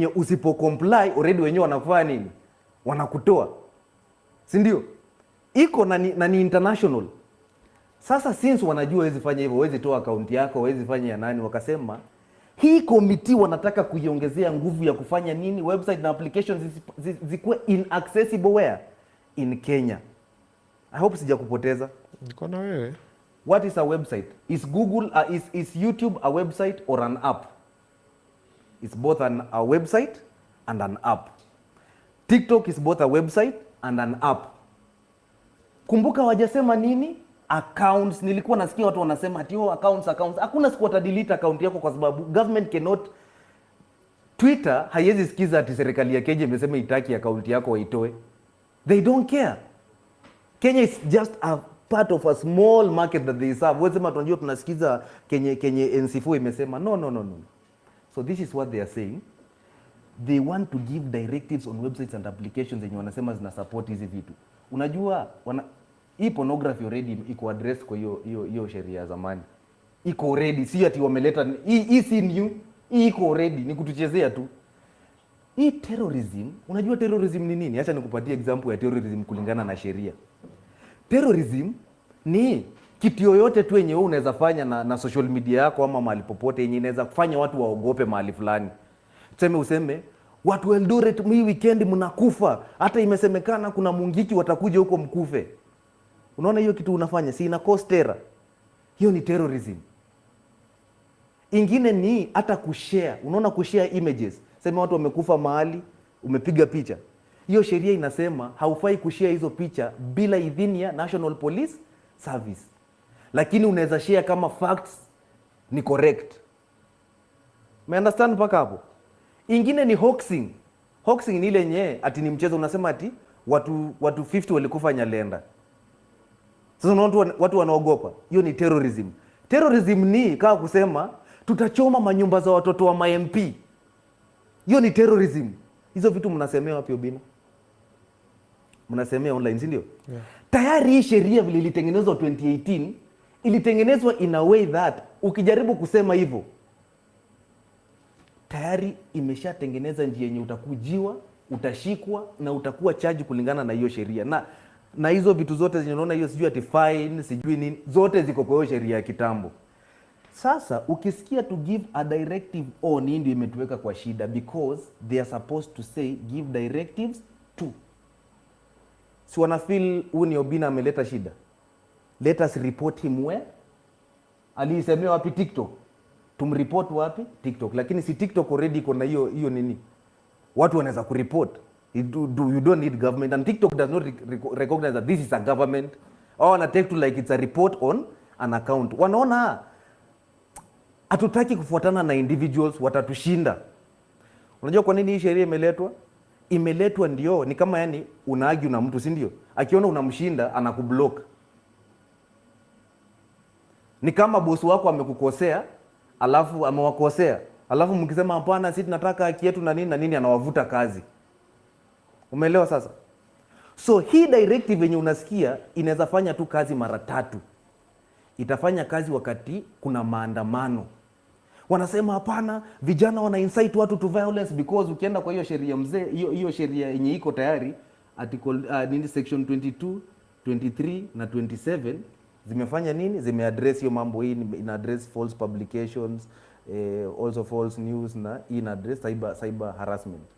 yenye usipo comply already wenyewe wanafanya nini? Wanakutoa, si ndio? Iko na ni, na ni international. Sasa since wanajua wezi fanya hivyo, wezi toa akaunti yako, wezi fanya ya nani, wakasema hii komiti wanataka kuiongezea nguvu ya kufanya nini? Website na applications zikuwe inaccessible where in Kenya. I hope sijakupoteza. Niko na wewe. What is a website? Is Google, uh, is, is YouTube a website or an app? is both an, a website and an app. TikTok is both a website and an app. Kumbuka wajasema nini? Accounts. Nilikuwa nasikia watu wanasema ati oh, accounts accounts. Hakuna siku wata delete account yako kwa sababu government cannot Twitter haiwezi sikiza ati serikali ya Kenya imesema itaki account yako waitoe. They don't care. Kenya is just a part of a small market that they serve. Wewe sema tunajua tunasikiza Kenya Kenya NC4 imesema no no no no. So this is what they are saying. They want to give directives on websites and applications zenye wanasema zina support hizi vitu. Unajua wana, hii pornography already iko address kwa hiyo hiyo hiyo sheria ya zamani. Iko already, si ati wameleta hii hii si new, hii iko already ni kutuchezea tu. Hii terrorism, unajua terrorism ni nini? Acha nikupatie example ya terrorism kulingana na sheria. Terrorism ni kitu yoyote tu yenye wewe unaweza fanya na, na social media yako ama mahali popote yenye inaweza kufanya watu waogope mahali fulani. Tuseme useme watu Eldoret hii weekend mnakufa, hata imesemekana kuna Mungiki watakuja huko mkufe. Unaona hiyo kitu unafanya, si ina cause terror? Hiyo ni terrorism. Ingine ni hata kushare, unaona kushare images, sema watu wamekufa mahali, umepiga picha hiyo sheria inasema haufai kushare hizo picha bila idhini ya National Police Service lakini unaweza share kama facts ni correct. Umeunderstand mpaka hapo? Ingine ni hoaxing. Hoaxing ni ile yenyewe ati ni mchezo, unasema ati watu watu 50 walikufa Nyalenda. Sasa unaona watu wanaogopa, hiyo ni terrorism. Terrorism ni kama kusema tutachoma manyumba za watoto wa mamp, hiyo ni terrorism. Hizo vitu mnasemea wapi Obina? Mnasemea online, si ndio? Yeah. Tayari hii sheria vile ilitengenezwa 2018 ilitengenezwa in a way that ukijaribu kusema hivyo tayari imeshatengeneza njia yenye utakujiwa, utashikwa na utakuwa chaji kulingana na hiyo sheria na na hizo vitu zote zenye unaona hiyo, sijui ati fine, sijui nini, zote ziko kwa hiyo sheria ya kitambo. Sasa ukisikia to give a directive on, hii ndio imetuweka kwa shida, because they are supposed to say give directives to. Si wanafeel huu ni Obina ameleta shida let us report him where. Aliisemea wapi? TikTok. Tumreport wapi? TikTok. Lakini si TikTok already iko na hiyo hiyo nini, watu wanaweza kureport. You, do, you don't need government and TikTok does not recognize that this is a government au wana take to like it's a report on an account. Wanaona hatutaki kufuatana na individuals, watatushinda. Unajua kwa nini hii sheria imeletwa? Imeletwa ndio ni kama yani unaagi na mtu, si ndio? Akiona unamshinda anakublock ni kama bosi wako amekukosea, alafu amewakosea, alafu mkisema hapana, sisi tunataka haki yetu na nini na nini, anawavuta kazi. Umeelewa sasa? So hii directive yenye unasikia inaweza fanya tu kazi mara tatu. Itafanya kazi wakati kuna maandamano. Wanasema hapana, vijana wana incite watu to violence because ukienda kwa hiyo sheria mzee, hiyo hiyo sheria yenye iko tayari article uh, nini section 22, 23 na 27 zimefanya nini? Zimeaddress hiyo mambo hii, ina address false publications eh, also false news na ina address cyber, cyber harassment